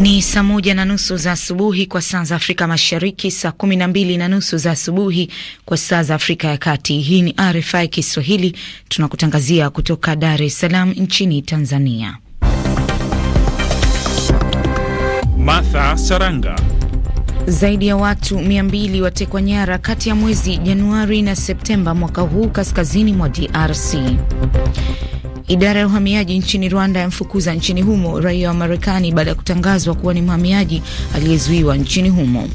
Ni saa moja na nusu za asubuhi kwa saa za Afrika Mashariki, saa kumi na mbili na nusu za asubuhi kwa saa za Afrika ya Kati. Hii ni RFI Kiswahili, tunakutangazia kutoka Dar es Salaam nchini Tanzania. Martha Saranga. Zaidi ya watu 200 watekwa nyara kati ya mwezi Januari na Septemba mwaka huu kaskazini mwa DRC. Idara ya uhamiaji nchini Rwanda yamfukuza nchini humo raia wa Marekani baada ya kutangazwa kuwa ni mhamiaji aliyezuiwa nchini humo.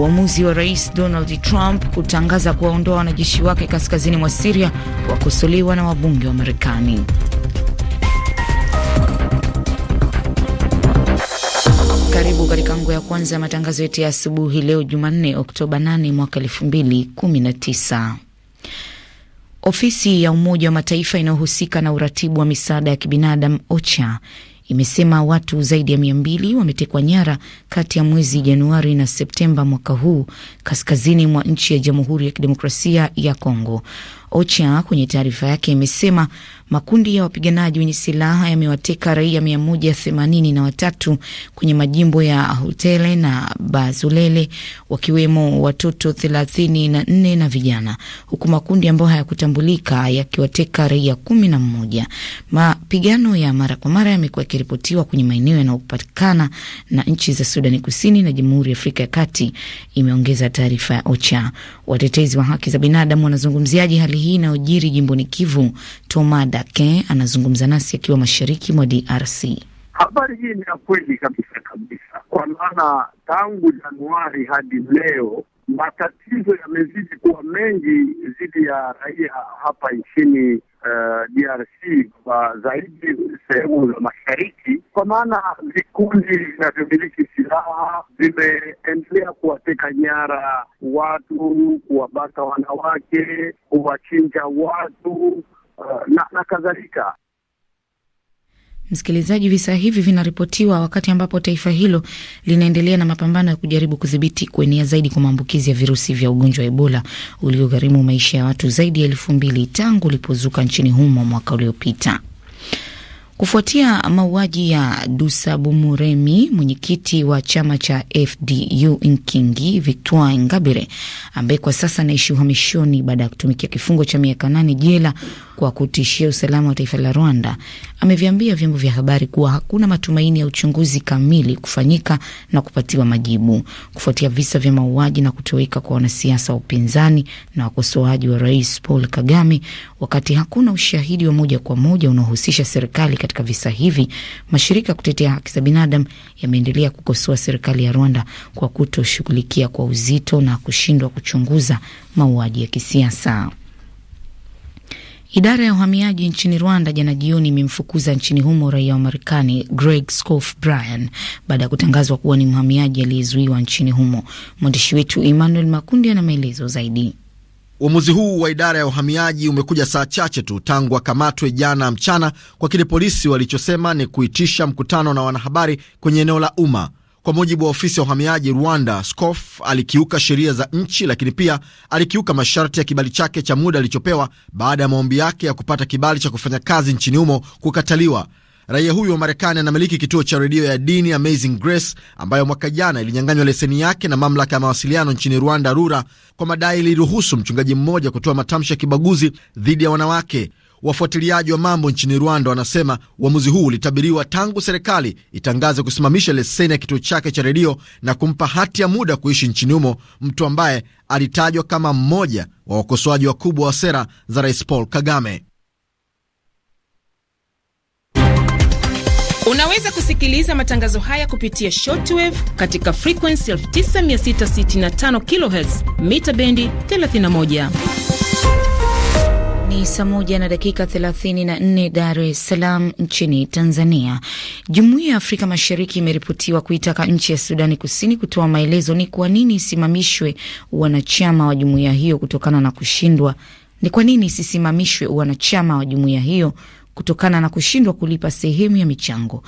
Uamuzi wa rais Donald Trump kutangaza kuwaondoa wanajeshi wake kaskazini mwa Siria wakosolewa na wabunge wa Marekani. Karibu katika nguo ya kwanza ya matangazo yetu ya asubuhi leo Jumanne, Oktoba 8 mwaka 2019. Ofisi ya Umoja wa Mataifa inayohusika na uratibu wa misaada ya kibinadamu OCHA imesema watu zaidi ya mia mbili wametekwa nyara kati ya mwezi Januari na Septemba mwaka huu kaskazini mwa nchi ya Jamhuri ya Kidemokrasia ya Kongo. OCHA kwenye taarifa yake imesema makundi ya wapiganaji wenye silaha yamewateka raia mia moja themanini na watatu kwenye majimbo ya Hotele na Bazulele, wakiwemo watoto thelathini na nne na vijana, huku makundi ambayo hayakutambulika yakiwateka raia kumi na mmoja. Mapigano ya mara kwa mara yamekuwa yakiripotiwa kwenye maeneo yanayopatikana na nchi za Sudani Kusini na Jamhuri ya Afrika ya Kati, imeongeza taarifa ya OCHA. Watetezi wa haki za binadamu wanazungumziaji hali hali hii inayojiri jimboni Kivu. Toma Dakin anazungumza nasi akiwa mashariki mwa DRC. Habari hii ni ya kweli kabisa kabisa, kwa maana tangu Januari hadi leo matatizo yamezidi kuwa mengi dhidi ya raia hapa nchini Eh, DRC kwa zaidi sehemu za mashariki, kwa maana vikundi vinavyomiliki silaha vimeendelea kuwateka nyara watu, kuwabaka wanawake, kuwachinja watu uh, na, na kadhalika. Msikilizaji, visa hivi vinaripotiwa wakati ambapo taifa hilo linaendelea na mapambano ya kujaribu kudhibiti kuenea zaidi kwa maambukizi ya virusi vya ugonjwa wa Ebola uliogharimu maisha ya watu zaidi ya elfu mbili tangu ulipozuka nchini humo mwaka uliopita kufuatia mauaji ya Dusabumuremi, mwenyekiti wa chama cha FDU Nkingi Victoire Ngabire, ambaye kwa sasa anaishi uhamishoni baada ya kutumikia kifungo cha miaka nane jela kwa kutishia usalama wa taifa la Rwanda, ameviambia vyombo vya habari kuwa hakuna matumaini ya uchunguzi kamili kufanyika na kupatiwa majibu kufuatia visa vya mauaji na kutoweka kwa wanasiasa wa upinzani na wakosoaji wa rais Paul Kagame, wakati hakuna ushahidi wa moja kwa moja unaohusisha serikali katika visa hivi, mashirika ya kutetea haki za binadamu yameendelea kukosoa serikali ya Rwanda kwa kutoshughulikia kwa uzito na kushindwa kuchunguza mauaji ya kisiasa. Idara ya uhamiaji nchini Rwanda jana jioni imemfukuza nchini humo raia wa Marekani Greg Scof Brian baada ya kutangazwa kuwa ni mhamiaji aliyezuiwa nchini humo. Mwandishi wetu Emmanuel Makundi ana maelezo zaidi. Uamuzi huu wa idara ya uhamiaji umekuja saa chache tu tangu akamatwe jana mchana kwa kile polisi walichosema ni kuitisha mkutano na wanahabari kwenye eneo la umma. Kwa mujibu wa ofisi ya uhamiaji Rwanda, Scof alikiuka sheria za nchi, lakini pia alikiuka masharti ya kibali chake cha muda alichopewa baada ya maombi yake ya kupata kibali cha kufanya kazi nchini humo kukataliwa. Raia huyo wa Marekani anamiliki kituo cha redio ya dini Amazing Grace ambayo mwaka jana ilinyang'anywa leseni yake na mamlaka ya mawasiliano nchini Rwanda, RURA, kwa madai iliruhusu mchungaji mmoja kutoa matamshi ya kibaguzi dhidi ya wanawake. Wafuatiliaji wa mambo nchini Rwanda wanasema uamuzi huu ulitabiriwa tangu serikali itangaze kusimamisha leseni ya kituo chake cha redio na kumpa hati ya muda kuishi nchini humo, mtu ambaye alitajwa kama mmoja wa wakosoaji wakubwa wa sera za Rais Paul Kagame. Unaweza kusikiliza matangazo haya kupitia shortwave katika frequency 9665 kHz mita bendi 31. Ni saa moja na dakika 34 Dar es Salaam nchini Tanzania. Jumuiya ya Afrika Mashariki imeripotiwa kuitaka nchi ya Sudani Kusini kutoa maelezo ni kwa nini isimamishwe wanachama wa jumuiya hiyo kutokana na kushindwa ni kwa nini sisimamishwe wanachama wa jumuiya hiyo kutokana na kushindwa kulipa sehemu ya michango.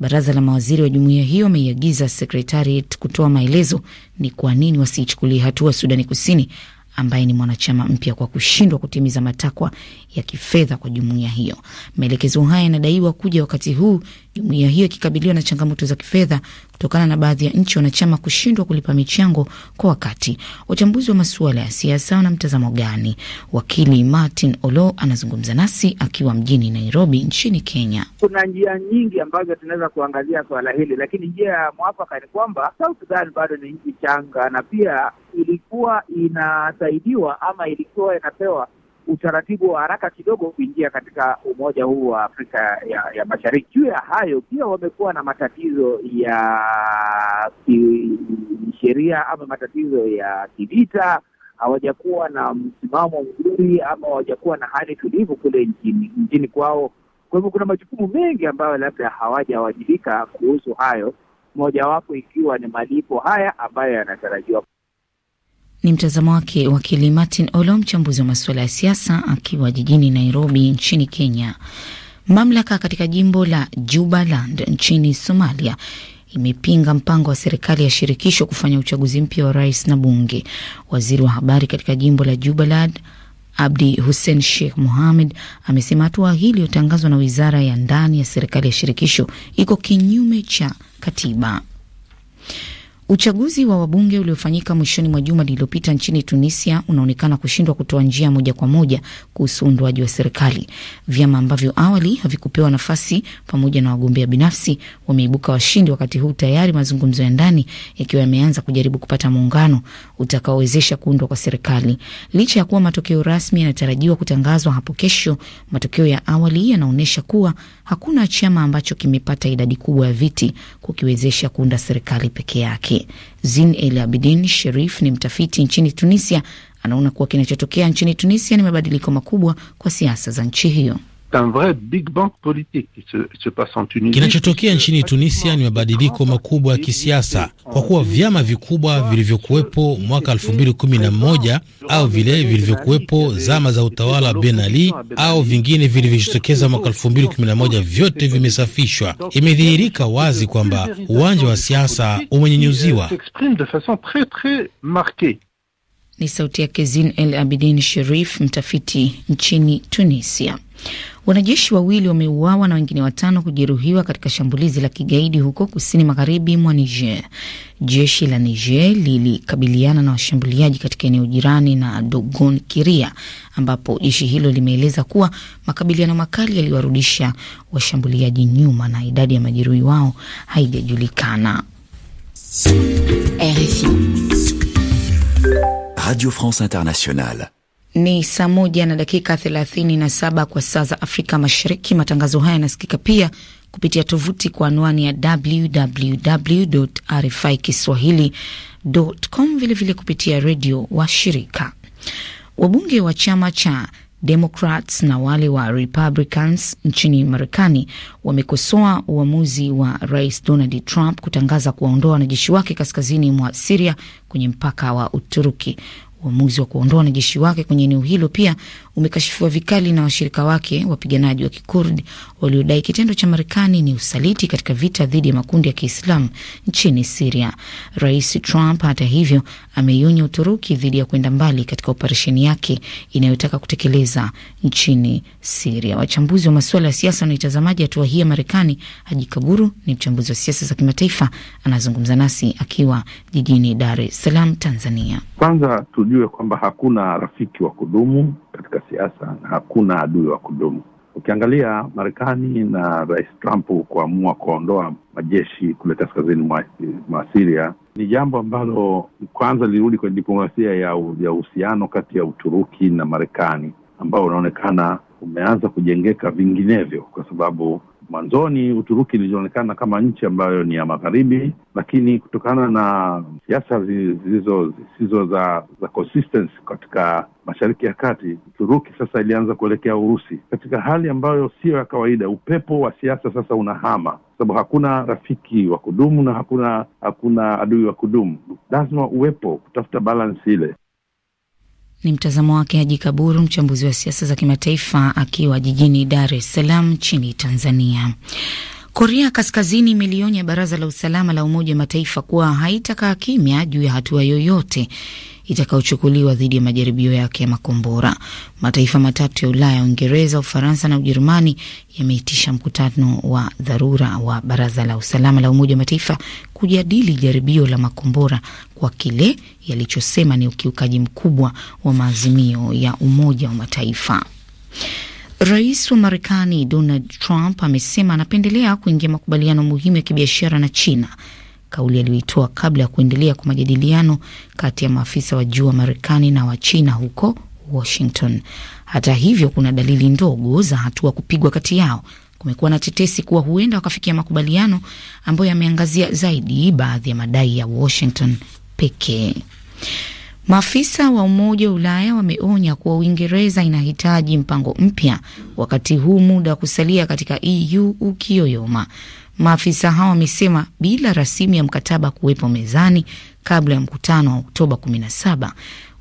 Baraza la mawaziri wa jumuiya hiyo ameiagiza sekretariat kutoa maelezo ni kwa nini wasiichukulie hatua Sudani Kusini ambaye ni mwanachama mpya kwa kushindwa kutimiza matakwa ya kifedha kwa jumuiya hiyo. Maelekezo haya yanadaiwa kuja wakati huu Jumuiya hiyo ikikabiliwa na changamoto za kifedha kutokana na baadhi ya nchi wanachama kushindwa kulipa michango kwa wakati. Wachambuzi wa masuala ya siasa wana mtazamo gani? Wakili Martin Olo anazungumza nasi akiwa mjini Nairobi nchini Kenya. Kuna njia nyingi ambazo tunaweza kuangazia swala hili, lakini njia ya mwafaka ni kwamba South Sudan bado ni nchi changa na pia ilikuwa inasaidiwa ama ilikuwa inapewa utaratibu wa haraka kidogo kuingia katika umoja huu wa Afrika ya, ya Mashariki. Juu ya hayo pia wamekuwa na matatizo ya kisheria ama matatizo ya kivita, hawajakuwa na msimamo mzuri ama hawajakuwa na hali tulivu kule nchini nchini kwao. Kwa hivyo kuna majukumu mengi ambayo labda hawajawajibika kuhusu hayo, mojawapo ikiwa ni malipo haya ambayo yanatarajiwa ni mtazamo wake wakili Martin Olo, mchambuzi wa masuala ya siasa, akiwa jijini Nairobi nchini Kenya. Mamlaka katika jimbo la Jubaland nchini Somalia imepinga mpango wa serikali ya shirikisho kufanya uchaguzi mpya wa rais na bunge. Waziri wa habari katika jimbo la Jubaland Abdi Hussein Sheikh Mohamed amesema hatua hii iliyotangazwa na wizara ya ndani ya serikali ya shirikisho iko kinyume cha katiba. Uchaguzi wa wabunge uliofanyika mwishoni mwa juma lililopita nchini Tunisia unaonekana kushindwa kutoa njia moja kwa moja kuhusu uundwaji wa serikali. Vyama ambavyo awali havikupewa nafasi pamoja na wagombea binafsi wameibuka washindi, wakati huu tayari mazungumzo ya ndani yakiwa yameanza kujaribu kupata muungano utakaowezesha kuundwa kwa serikali. Licha ya kuwa matokeo rasmi yanatarajiwa kutangazwa hapo kesho, matokeo ya awali yanaonyesha kuwa hakuna chama ambacho kimepata idadi kubwa ya viti kukiwezesha kuunda serikali peke yake. Zin El Abidin Sherif ni mtafiti nchini Tunisia, anaona kuwa kinachotokea nchini Tunisia ni mabadiliko makubwa kwa siasa za nchi hiyo un vrai big politique qui se, se passe en Tunisie. Kinachotokea nchini Tunisia ni mabadiliko makubwa ya kisiasa, kwa kuwa vyama vikubwa vilivyokuwepo mwaka 2011 au vile vilivyokuwepo zama za utawala wa Ben Ali au vingine vilivyojitokeza mwaka 2011 vyote vimesafishwa. Imedhihirika wazi kwamba uwanja wa siasa umenyenyuziwa. Ni sauti yake Zin El Abidin Sherif, mtafiti nchini Tunisia. Wanajeshi wawili wameuawa na wengine watano kujeruhiwa katika shambulizi la kigaidi huko kusini magharibi mwa Niger. Jeshi la Niger lilikabiliana na washambuliaji katika eneo jirani na Dogon Kiria, ambapo jeshi hilo limeeleza kuwa makabiliano makali yaliwarudisha washambuliaji nyuma na idadi ya majeruhi wao haijajulikana. RFI Radio France Internationale ni saa moja na dakika 37 kwa saa za Afrika Mashariki. Matangazo haya yanasikika pia kupitia tovuti kwa anwani ya www RFI kiswahilicom, vilevile kupitia redio wa shirika. Wabunge wa chama cha Democrats na wale wa Republicans nchini Marekani wamekosoa uamuzi wa Rais Donald Trump kutangaza kuwaondoa wanajeshi wake kaskazini mwa Siria kwenye mpaka wa Uturuki. Uamuzi wa kuondoa wanajeshi wake kwenye eneo hilo pia umekashifiwa vikali na washirika wake wapiganaji wa Kikurdi waliodai kitendo cha Marekani ni usaliti katika vita dhidi ya makundi ya Kiislamu nchini Siria. Rais Trump hata hivyo ameionya Uturuki dhidi ya kwenda mbali katika operesheni yake inayotaka kutekeleza nchini Siria. Wachambuzi wa masuala ya siasa wanaitazamaji hatua hii ya Marekani. Haji Kaburu ni mchambuzi wa siasa za kimataifa, anazungumza nasi akiwa jijini Dar es Salaam, Tanzania. Kwanza tu tujue kwamba hakuna rafiki wa kudumu katika siasa na hakuna adui wa kudumu. Ukiangalia Marekani na Rais Trump kuamua kuondoa majeshi kule kaskazini mwa Siria ni jambo ambalo kwanza lilirudi kwenye diplomasia ya uhusiano kati ya Uturuki na Marekani ambao unaonekana umeanza kujengeka vinginevyo, kwa sababu Mwanzoni Uturuki ilionekana kama nchi ambayo ni ya magharibi, lakini kutokana na siasa zilizo zisizo za, za consistency katika mashariki ya kati, Uturuki sasa ilianza kuelekea Urusi katika hali ambayo siyo ya kawaida. Upepo wa siasa sasa unahama sababu hakuna rafiki wa kudumu na hakuna hakuna adui wa kudumu. Lazima uwepo kutafuta balansi ile. Ni mtazamo wake Haji Kaburu, mchambuzi wa siasa za kimataifa akiwa jijini Dar es Salaam nchini Tanzania. Korea Kaskazini imelionya Baraza la Usalama la Umoja wa Mataifa kuwa haitakaa kimya juu ya hatua yoyote itakayochukuliwa dhidi ya majaribio yake ya makombora. Mataifa matatu ya Ulaya, Uingereza, Ufaransa na Ujerumani yameitisha mkutano wa dharura wa Baraza la Usalama la Umoja wa Mataifa kujadili jaribio la makombora kwa kile yalichosema ni ukiukaji mkubwa wa maazimio ya Umoja wa Mataifa. Rais wa Marekani Donald Trump amesema anapendelea kuingia makubaliano muhimu ya kibiashara na China, kauli aliyoitoa kabla ya kuendelea kwa majadiliano kati ya maafisa wa juu wa Marekani na wa China huko Washington. Hata hivyo, kuna dalili ndogo za hatua kupigwa kati yao. Kumekuwa na tetesi kuwa huenda wakafikia makubaliano ambayo yameangazia zaidi baadhi ya madai ya Washington pekee. Maafisa wa Umoja wa Ulaya wameonya kuwa Uingereza inahitaji mpango mpya, wakati huu muda wa kusalia katika EU ukiyoyoma. Maafisa hao wamesema bila rasimu ya mkataba kuwepo mezani kabla ya mkutano wa Oktoba 17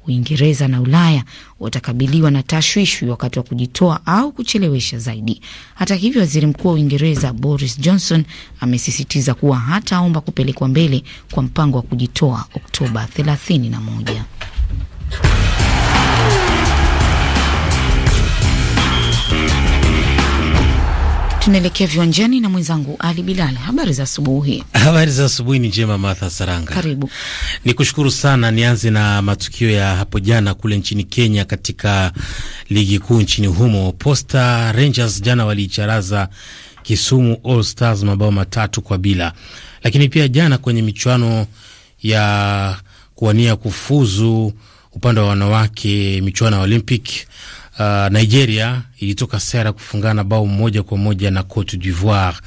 Uingereza na Ulaya watakabiliwa na tashwishwi wakati wa kujitoa au kuchelewesha zaidi. Hata hivyo, waziri mkuu wa Uingereza Boris Johnson amesisitiza kuwa hataomba kupelekwa mbele kwa mpango wa kujitoa Oktoba 31. Tunaelekea viwanjani na mwenzangu Ali Bilal. Habari za asubuhi. Habari za asubuhi ni njema, Martha Saranga. Karibu. Ni kushukuru sana. Nianze na matukio ya hapo jana kule nchini Kenya, katika ligi kuu nchini humo. Posta Rangers jana waliicharaza Kisumu All Stars mabao matatu kwa bila, lakini pia jana kwenye michuano ya kuwania kufuzu upande wa wanawake, michuano ya Olympic Ah, Nigeria ilitoka sera kufungana bao moja kwa moja na Cote d'Ivoire,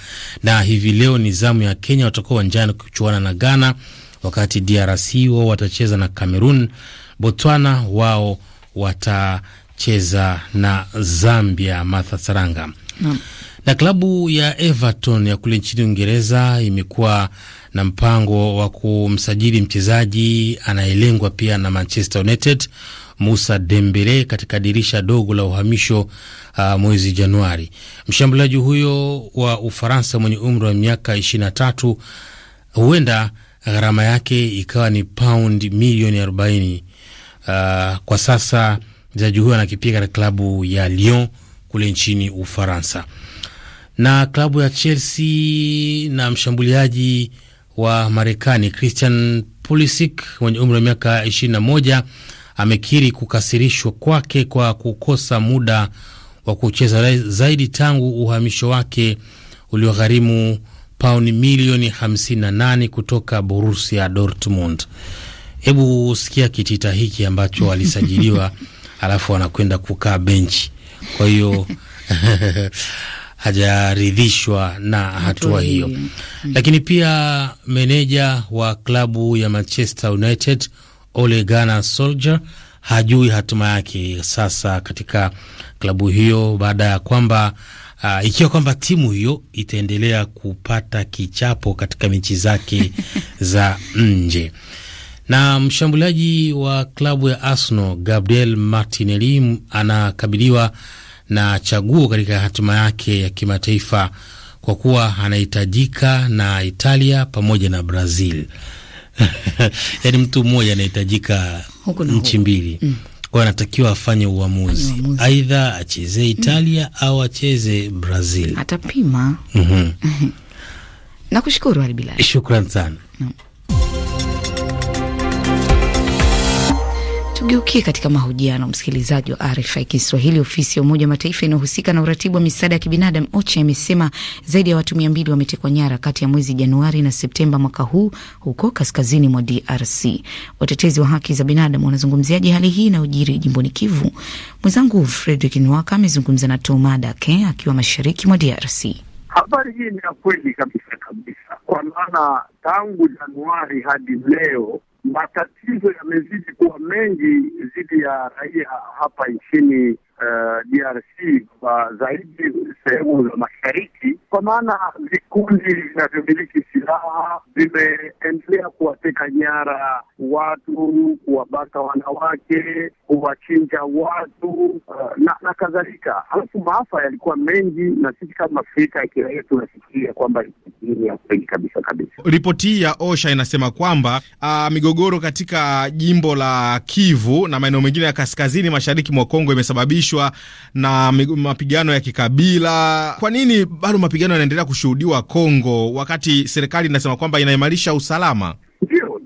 na hivi leo ni zamu ya Kenya, watakuwa uwanjani kuchuana na Ghana, wakati DRC wao watacheza na Cameroon. Botswana wao watacheza na Zambia. matha Saranga Na klabu ya Everton ya kule nchini Uingereza imekuwa na mpango wa kumsajili mchezaji anayelengwa pia na Manchester United Musa Dembele katika dirisha dogo la uhamisho uh, mwezi Januari. Mshambuliaji huyo wa Ufaransa mwenye umri wa miaka 23 huenda gharama yake ikawa ni paundi milioni 40. Uh, kwa sasa mchezaji huyo anakipia katika klabu ya Lyon kule nchini Ufaransa. Na klabu ya Chelsea na mshambuliaji wa Marekani Christian Pulisic mwenye umri wa miaka 21 amekiri kukasirishwa kwake kwa kukosa muda wa kucheza zaidi tangu uhamisho wake uliogharimu pauni milioni 58 kutoka Borussia Dortmund. Hebu sikia kitita hiki ambacho alisajiliwa alafu anakwenda kukaa benchi. Kwa hiyo hajaridhishwa na hatua hiyo, lakini pia meneja wa klabu ya Manchester United Ole Gunnar Solskjaer hajui hatima yake sasa katika klabu hiyo baada ya kwamba Uh, ikiwa kwamba timu hiyo itaendelea kupata kichapo katika mechi zake za nje. Na mshambuliaji wa klabu ya Arsenal Gabriel Martinelli anakabiliwa na chaguo katika hatima yake ya kimataifa kwa kuwa anahitajika na Italia pamoja na Brazil. yaani mtu mmoja anahitajika nchi mbili mm. Kwa anatakiwa afanye uamuzi aidha acheze mm. Italia mm. au acheze Brazil, atapima. mm -hmm. Nakushukuru Ali shukran sana no. Tugeukie katika mahojiano, msikilizaji wa RFI Kiswahili. Ofisi ya Umoja wa Mataifa inayohusika na uratibu wa misaada ya kibinadamu OCHA imesema zaidi ya watu mia mbili wametekwa nyara kati ya mwezi Januari na Septemba mwaka huu huko kaskazini mwa DRC. Watetezi wa haki za binadamu wanazungumziaje hali hii inayojiri jimboni Kivu? Mwenzangu Fredrik Nwaka amezungumza na toma Dake akiwa mashariki mwa DRC. Habari hii ni ya kweli kabisa kabisa, kwa maana tangu Januari hadi leo matatizo yamezidi kuwa mengi dhidi ya raia hapa nchini Eh, DRC kwa zaidi sehemu za mashariki, kwa maana vikundi vinavyomiliki silaha vimeendelea kuwateka nyara watu, kuwabaka wanawake, kuwachinja watu eh, na, na kadhalika. Halafu maafa yalikuwa mengi, na sisi kama Afrika kiraia tunafikiria kwamba ni kabisa kabisa. Ripoti hii ya OSHA inasema kwamba uh, migogoro katika jimbo la Kivu na maeneo mengine ya kaskazini mashariki mwa Kongo imesababishwa kuhusishwa na mapigano ya kikabila. Kwa nini bado mapigano yanaendelea kushuhudiwa Kongo wakati serikali inasema kwamba inaimarisha usalama? Ndio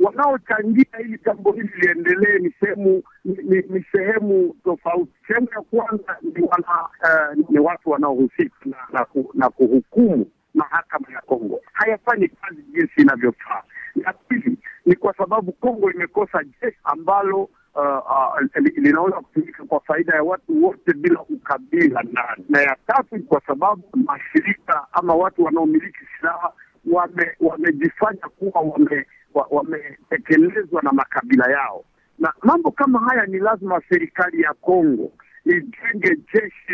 wanaochangia ili jambo hili liendelee ni sehemu ni, ni sehemu tofauti. Sehemu ya kwanza ni, wana, uh, ni watu wanaohusika na, na, na kuhukumu mahakama ya Kongo hayafanyi kazi jinsi inavyofaa. La pili ni kwa sababu Kongo imekosa jeshi ambalo uh, uh linaweza kutumika kwa faida ya watu wote bila ukabila, na na ya tatu kwa sababu mashirika ama watu wanaomiliki silaha wamejifanya kuwa wametekelezwa wame na makabila yao, na mambo kama haya ni lazima serikali ya Kongo ijenge jeshi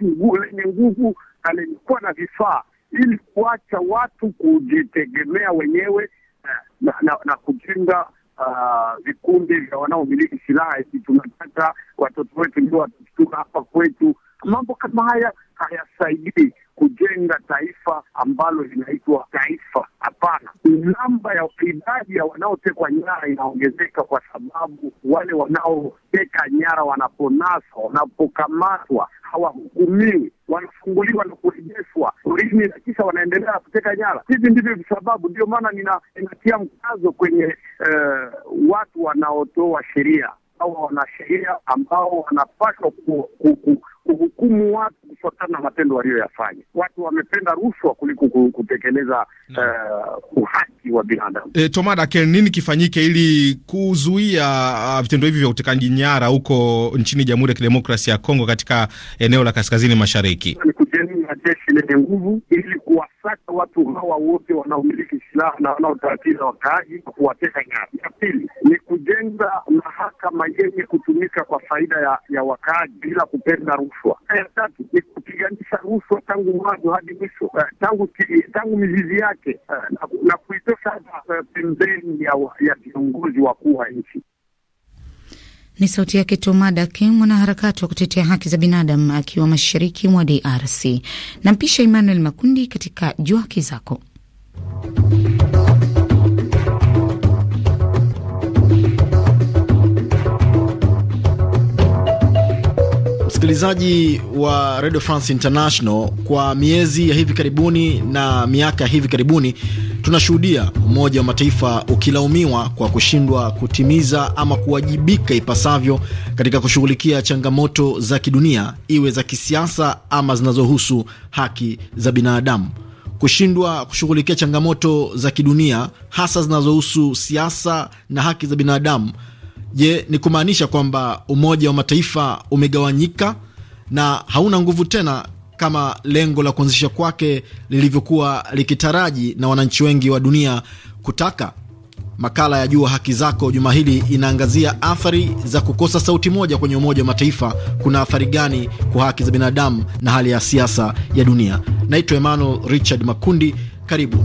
nzuri lenye nguvu na lenye kuwa na vifaa ili kuacha watu kujitegemea wenyewe na, eh, na, na, na kujenga Uh, vikundi vya wanaomiliki silaha, eti tunataka watoto wetu ndio watashtuka hapa kwetu. Mambo kama haya hayasaidii kujenga taifa ambalo linaitwa taifa. Hapana, namba ya idadi ya wanaotekwa nyara inaongezeka kwa sababu wale wanaoteka nyara wanaponaswa, wanapokamatwa hawahukumiwi, wanafunguliwa na kurejeshwa porini na kisha wanaendelea kuteka nyara. Hivi ndivyo sababu, ndio maana nina, ninatia mkazo kwenye uh, watu wanaotoa sheria au wanasheria ambao wanapaswa ku, ku, ku kuhukumu watu kufuatana na matendo waliyoyafanya. Watu wamependa rushwa kuliko kutekeleza uh, uhaki wa binadamu. E, Tomada Ken, nini kifanyike ili kuzuia ah, vitendo hivi vya utekaji nyara huko nchini Jamhuri ya Kidemokrasia ya Kongo katika eneo la kaskazini mashariki? Ni kujenga jeshi lenye nguvu ili kuwasaka watu hawa wote wanaomiliki silaha na wanaotatiza wakaaji kuwateka nyara. Ya pili ni kujenga mahakama yenye kutumika kwa faida ya, ya wakaaji bila kupenda rushwa. Ya eh, tatu ni kupiganisha rushwa tangu mwanzo hadi mwisho, uh, tangu tangu mizizi yake, uh, na, kuitosha hata uh, pembeni ya viongozi wakuu wa nchi. Ni sauti yake Tomada Kim, mwanaharakati wa kutetea haki za binadamu akiwa mashariki mwa DRC. Nampisha Emmanuel Makundi katika Jua Haki Zako. Msikilizaji wa Radio France International, kwa miezi ya hivi karibuni na miaka ya hivi karibuni tunashuhudia Umoja wa Mataifa ukilaumiwa kwa kushindwa kutimiza ama kuwajibika ipasavyo katika kushughulikia changamoto za kidunia, iwe za kisiasa ama zinazohusu haki za binadamu. Kushindwa kushughulikia changamoto za kidunia hasa zinazohusu siasa na haki za binadamu Je, ni kumaanisha kwamba Umoja wa Mataifa umegawanyika na hauna nguvu tena kama lengo la kuanzisha kwake lilivyokuwa likitaraji na wananchi wengi wa dunia kutaka? Makala ya Jua Haki Zako juma hili inaangazia athari za kukosa sauti moja kwenye Umoja wa Mataifa. Kuna athari gani kwa haki za binadamu na hali ya siasa ya dunia? Naitwa Emmanuel Richard Makundi, karibu.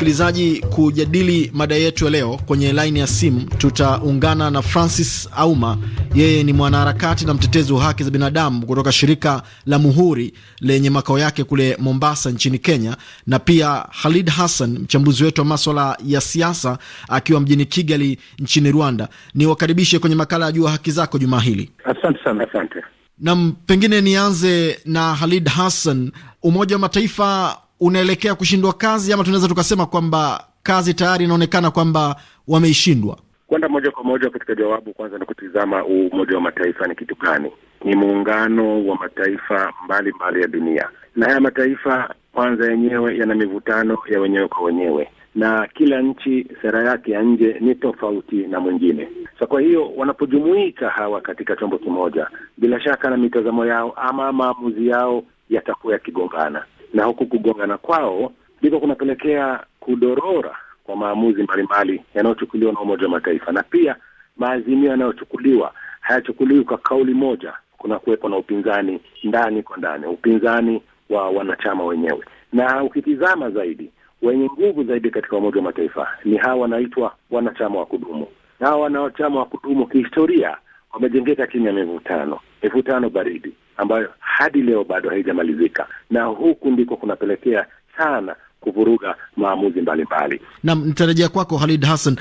Msikilizaji, kujadili mada yetu ya leo kwenye laini ya simu tutaungana na Francis Auma. Yeye ni mwanaharakati na mtetezi wa haki za binadamu kutoka shirika la Muhuri lenye makao yake kule Mombasa nchini Kenya, na pia Khalid Hassan, mchambuzi wetu wa maswala ya siasa akiwa mjini Kigali nchini Rwanda. Niwakaribishe kwenye makala ya Jua Haki Zako jumaa hili. Asante sana. Asante nam. Pengine nianze na Khalid Hassan. Umoja wa Mataifa unaelekea kushindwa kazi, ama tunaweza tukasema kwamba kazi tayari inaonekana kwamba wameishindwa? Kwenda moja kwa moja katika jawabu, kwanza ni kutizama Umoja wa Mataifa ni kitu gani? Ni muungano wa mataifa mbalimbali mbali ya dunia, na haya mataifa kwanza yenyewe yana mivutano ya wenyewe kwa wenyewe, na kila nchi sera yake ya nje ni tofauti na mwingine. So kwa hiyo wanapojumuika hawa katika chombo kimoja, bila shaka na mitazamo yao ama maamuzi yao yatakuwa yakigongana na huku kugongana kwao ndiko kunapelekea kudorora kwa maamuzi mbalimbali yanayochukuliwa na Umoja wa Mataifa, na pia maazimio yanayochukuliwa hayachukuliwi kwa kauli moja. Kuna kuwepo na upinzani ndani kwa ndani, upinzani wa wanachama wenyewe, na ukitizama zaidi, wenye nguvu zaidi katika Umoja wa Mataifa ni hawa wanaitwa wanachama wa kudumu, na hawa wanachama wa kudumu kihistoria kumejengeka chini ya mivutano, mivutano baridi ambayo hadi leo bado haijamalizika, na huku ndiko kunapelekea sana kuvuruga maamuzi mbalimbali. nam nitarejea kwako Halid Hassan.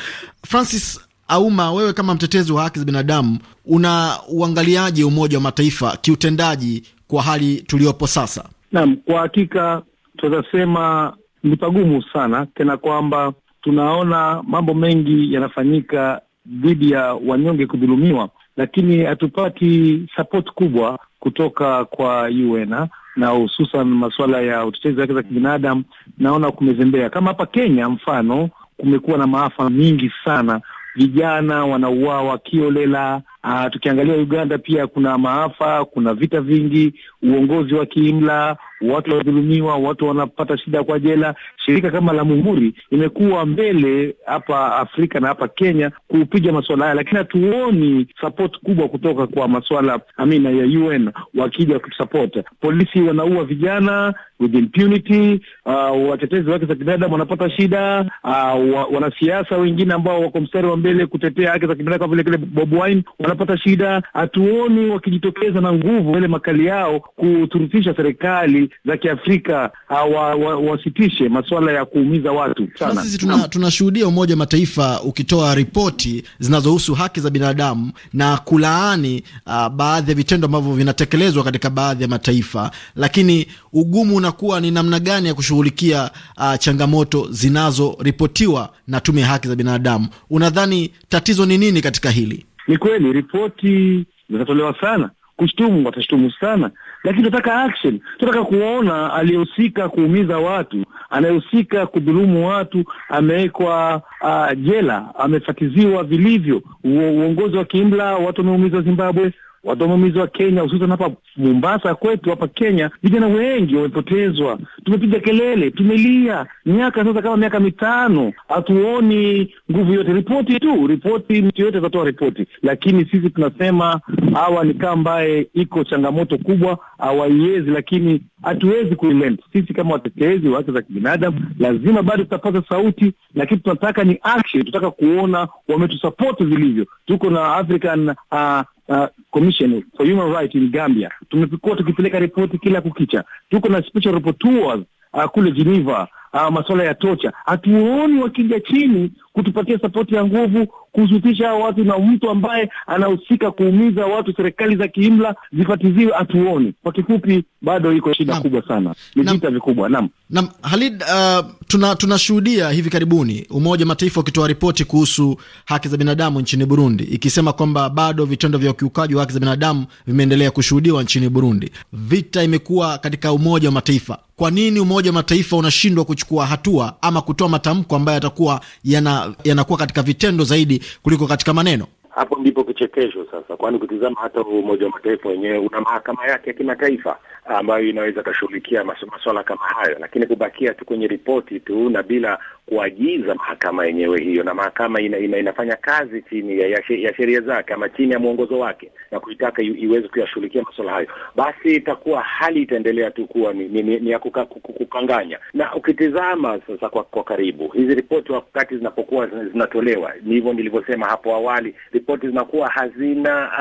Francis Auma, wewe kama mtetezi wa haki za binadamu, una uangaliaje Umoja wa Mataifa kiutendaji kwa hali tuliyopo sasa? nam kwa hakika tunazasema ni pagumu sana, tena kwamba tunaona mambo mengi yanafanyika dhidi ya wanyonge kudhulumiwa, lakini hatupati support kubwa kutoka kwa UN ah, na hususan masuala ya utetezi wake za kibinadamu, naona kumezembea. Kama hapa Kenya mfano, kumekuwa na maafa mingi sana, vijana wanauawa kiolela. Ah, tukiangalia Uganda pia kuna maafa, kuna vita vingi, uongozi wa kiimla watu wanadhulumiwa, watu wanapata shida kwa jela. Shirika kama la Muhuri imekuwa mbele hapa Afrika na hapa Kenya kupiga masuala haya, lakini hatuoni support kubwa kutoka kwa masuala amina ya UN wakija kutusupport. Polisi wanaua vijana with impunity. Uh, watetezi wake za kibinadamu wanapata shida. Uh, wa, wanasiasa wengine ambao wako mstari wa mbele kutetea haki za kibinadamu kama vile kile Bob Wine wanapata shida. Hatuoni wakijitokeza na nguvu ile makali yao kuturutisha serikali za Kiafrika uh, wa, wa, wasitishe masuala ya kuumiza watu sana. Sisi tunashuhudia tuna Umoja wa Mataifa ukitoa ripoti zinazohusu haki za binadamu na kulaani uh, baadhi ya vitendo ambavyo vinatekelezwa katika baadhi ya mataifa, lakini ugumu kuona kuwa ni namna gani ya kushughulikia uh, changamoto zinazoripotiwa na tume ya haki za binadamu? Unadhani tatizo ni nini katika hili? Ni kweli ripoti zitatolewa sana, kushtumu watashtumu sana, lakini tunataka action, tunataka kuona aliyehusika kuumiza watu, anayehusika kudhulumu watu amewekwa uh, jela, amefatiziwa vilivyo. Uongozi wa kiimla, watu wameumizwa Zimbabwe Waandamamizi wa Kenya hususan hapa Mombasa kwetu hapa Kenya, vijana wengi wamepotezwa. Tumepiga kelele, tumelia miaka sasa, kama miaka mitano, hatuoni nguvu yote. Ripoti tu ripoti, mtu yote atatoa ripoti, lakini sisi tunasema hawa ni kaa ambaye iko changamoto kubwa, hawaiwezi, lakini hatuwezi kuilent. Sisi kama watetezi wa haki za kibinadamu lazima bado tutapaza sauti, lakini tunataka ni action, tunataka kuona wametusapoti vilivyo. Tuko na African uh, uh, commission for human rights in Gambia. Tumekuwa tukipeleka ripoti kila kukicha, tuko na special rapporteurs uh, kule Geneva uh, masuala ya tocha, hatuoni wakija chini kutupatia sapoti ya nguvu kuhusutisha hao watu na mtu ambaye anahusika kuumiza watu, serikali za kiimla zifatiziwe, hatuoni. Kwa kifupi, bado iko shida nam, kubwa sana, ni vita vikubwa. Naam, naam Halid, uh, tuna tunashuhudia hivi karibuni Umoja wa Mataifa ukitoa ripoti kuhusu haki za binadamu nchini Burundi ikisema kwamba bado vitendo vya ukiukaji wa haki za binadamu vimeendelea kushuhudiwa nchini Burundi. Vita imekuwa katika Umoja wa Mataifa. Kwa nini Umoja wa Mataifa unashindwa kuchukua hatua ama kutoa matamko ambayo yatakuwa yanakuwa yana katika vitendo zaidi kuliko katika maneno. Hapo ndipo kichekesho sasa, kwani kutizama hata Umoja wa Mataifa wenyewe una mahakama yake ya kimataifa ambayo inaweza ikashughulikia masuala kama hayo, lakini kubakia tu kwenye ripoti tu na bila kuagiza mahakama yenyewe hiyo, na mahakama ina, ina, inafanya kazi chini ya, ya sheria zake ama chini ya mwongozo wake na kuitaka iweze kuyashughulikia masuala hayo, basi itakuwa hali itaendelea tu kuwa ni, ni, ni, ni ya kuka, kukanganya. Na ukitizama sasa kwa, kwa karibu hizi ripoti wakati zinapokuwa zinatolewa, ni hivyo nilivyosema hapo awali, ripoti zinakuwa hazina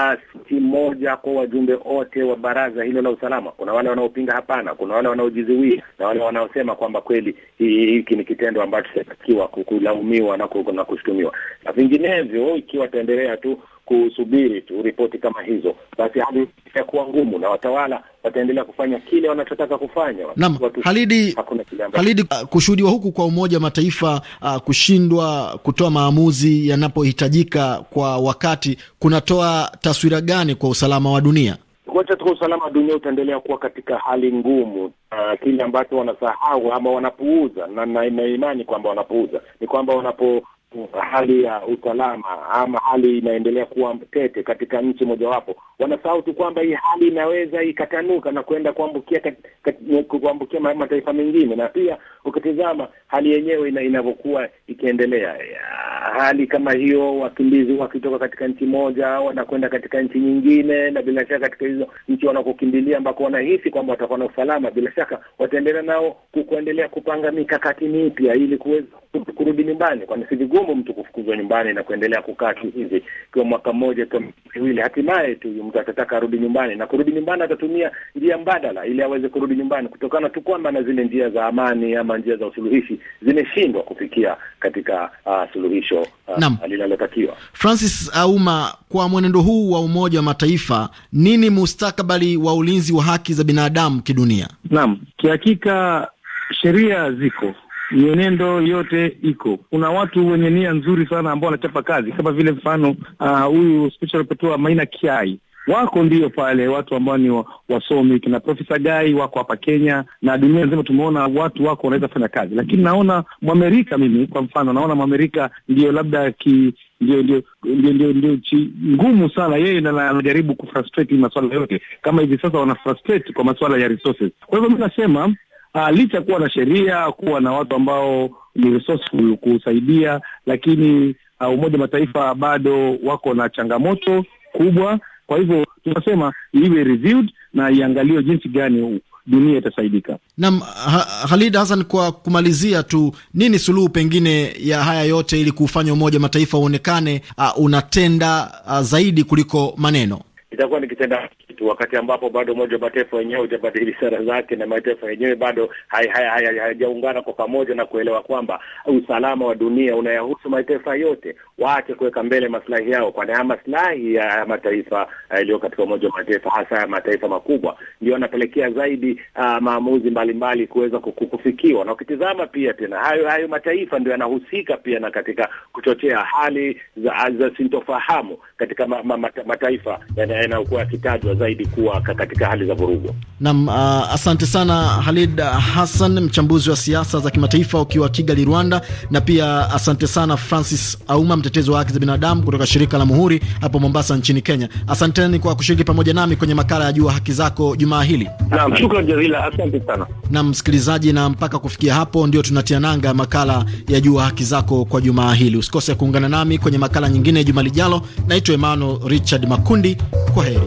uh, moja kwa wajumbe wote wa baraza hilo la usalama. Kuna wale wanaopinga hapana, kuna wale wanaojiziwia na wale wanaosema kwamba kweli hiki ni kitendo ambacho kushtakiwa, kulaumiwa na na kushutumiwa, na vinginevyo, ikiwa ataendelea tu kusubiri tu ripoti kama hizo, basi hali itakuwa ngumu na watawala wataendelea kufanya kile wanachotaka kufanya. Naam, Halidi, Halidi, uh, kushuhudiwa huku kwa Umoja wa Mataifa uh, kushindwa kutoa maamuzi yanapohitajika kwa wakati kunatoa taswira gani kwa usalama wa dunia? kuacha tu usalama wa dunia utaendelea kuwa katika hali ngumu. Uh, kile ambacho wanasahau ama wanapuuza, na na kwamba wanapuuza ni kwamba wanapo hali ya usalama ama hali inaendelea kuwa tete katika nchi mojawapo, wanasahau tu kwamba hii hali inaweza ikatanuka na kuenda kuambukia kat, kat, kuambukia mataifa mengine, na pia ukitizama hali yenyewe inavyokuwa ikiendelea, hali kama hiyo, wakimbizi wakitoka katika nchi moja wanakwenda katika nchi nyingine, na bila shaka katika hizo nchi wanakokimbilia ambako wanahisi kwamba watakuwa na usalama, bila shaka wataendelea nao kuendelea kupanga mikakati mipya ili kuweza kurudi nyumbani, kwani si vigumu mtu kufukuzwa nyumbani na kuendelea kukaa hivi ikiwa mwaka mmoja, kiwa miwili. Hatimaye tu huyu mtu atataka arudi nyumbani, na kurudi nyumbani atatumia njia mbadala ili aweze kurudi nyumbani, kutokana tu kwamba na zile njia za amani ama njia za usuluhishi zimeshindwa kufikia katika uh, suluhisho uh, linalotakiwa. Francis Auma, kwa mwenendo huu wa Umoja wa Mataifa, nini mustakabali wa ulinzi wa haki za binadamu kidunia? Naam, kihakika sheria ziko mienendo yote iko. Kuna watu wenye nia nzuri sana ambao wanachapa kazi, kama vile mfano ah, huyu uh, special rapporteur Maina Kiai wako ndio pale watu ambao ni wasomi kina Profesa Gai wako hapa Kenya na dunia nzima, tumeona watu wako wanaweza fanya kazi, lakini naona Mwamerika, mimi kwa mfano, naona Mwamerika ndio labda ki ndio ndio ndio ndio chi ngumu sana yeye, na anajaribu kufrustrate masuala yote, kama hivi sasa wanafrustrate kwa masuala ya resources. Kwa hivyo mi nasema uh, licha kuwa na sheria, kuwa na watu ambao ni kusaidia, lakini uh, Umoja wa Mataifa bado wako na changamoto kubwa. Kwa hivyo tunasema iwe reviewed na iangaliwe jinsi gani dunia itasaidika. nam ha Halid hasan kwa kumalizia tu, nini suluhu pengine ya haya yote ili kuufanya Umoja Mataifa uonekane uh, unatenda uh, zaidi kuliko maneno? itakuwa ni kitenda kitu, wakati ambapo bado Umoja wa Mataifa wenyewe hujabadili sera zake na mataifa yenyewe bado hayajaungana kwa pamoja na kuelewa kwamba usalama wa dunia unayahusu mataifa yote. Waache kuweka mbele maslahi yao, kwani haya maslahi ya mataifa eh, yaliyo katika Umoja wa Mataifa, hasa ya mataifa makubwa, ndio yanapelekea zaidi uh, maamuzi mbalimbali kuweza kufikiwa. Na ukitizama pia tena hayo hayo mataifa ndio yanahusika pia na katika kuchochea hali za, za sintofahamu katika ma, ma, mataifa yanayokuwa yakitajwa zaidi kuwa katika hali za vurugu. Naam, uh, asante sana Halid uh, Hassan, mchambuzi wa siasa za kimataifa ukiwa Kigali, Rwanda, na pia asante sana Francis Auma, mtetezi wa haki za binadamu kutoka shirika la Muhuri hapo Mombasa nchini Kenya. Asanteni kwa kushiriki pamoja nami kwenye makala ya Jua Haki Zako jumaa hili. Naam, shukran jazila, asante sana. Naam msikilizaji, na mpaka kufikia hapo ndio tunatia nanga makala ya Jua Haki Zako kwa jumaa hili. Usikose kuungana nami kwenye makala nyingine juma lijalo. Naitwa Emmanuel Richard Makundi. Kwa heri,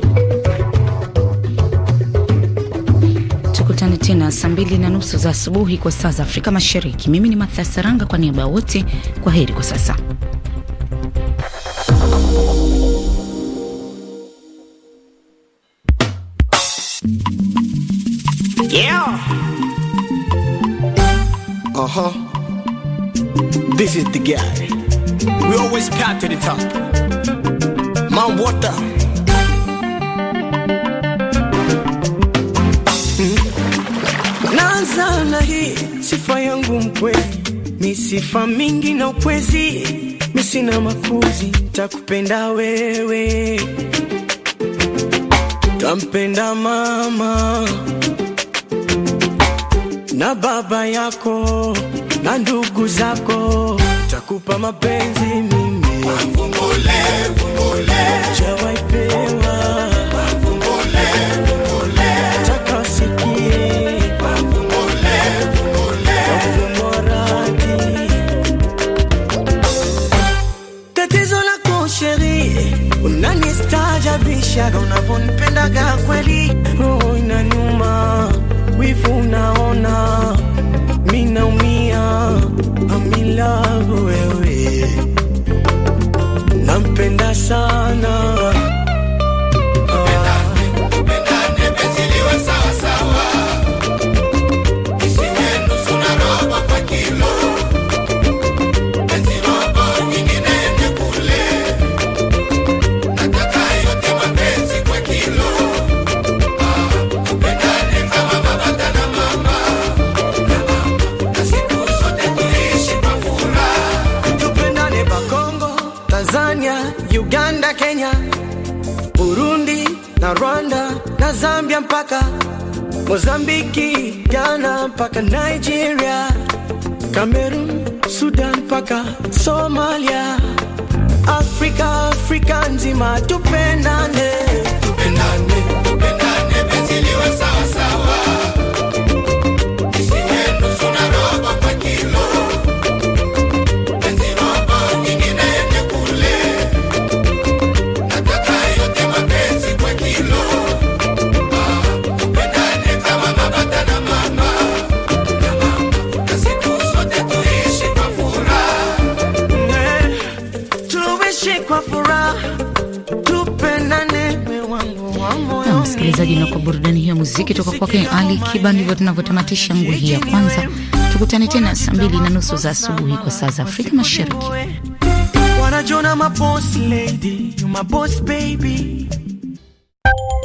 tukutane tena saa mbili na nusu za asubuhi kwa saa za Afrika Mashariki. Mimi ni Matha Saranga kwa niaba ya wote, kwa heri kwa sasa. Yeah. Uh-huh. This is the guy. We always path to the top. Mount Water. sana hii sifa yangu ni misifa mingi na ukwezi misina makuzi, takupenda wewe, tampenda mama na baba yako na ndugu zako, takupa mapenzi mimi shadow, never mpaka Nigeria, Cameroon, Sudan mpaka Somalia. Afrika, Afrika nzima tupendane. msikilizaji, na kwa burudani hiyo muziki toka kwake Ali Kiba, ndivyo tunavyotamatisha ngwe hii ya kwanza. Tukutane tena saa mbili na nusu za asubuhi kwa saa za Afrika Mashariki.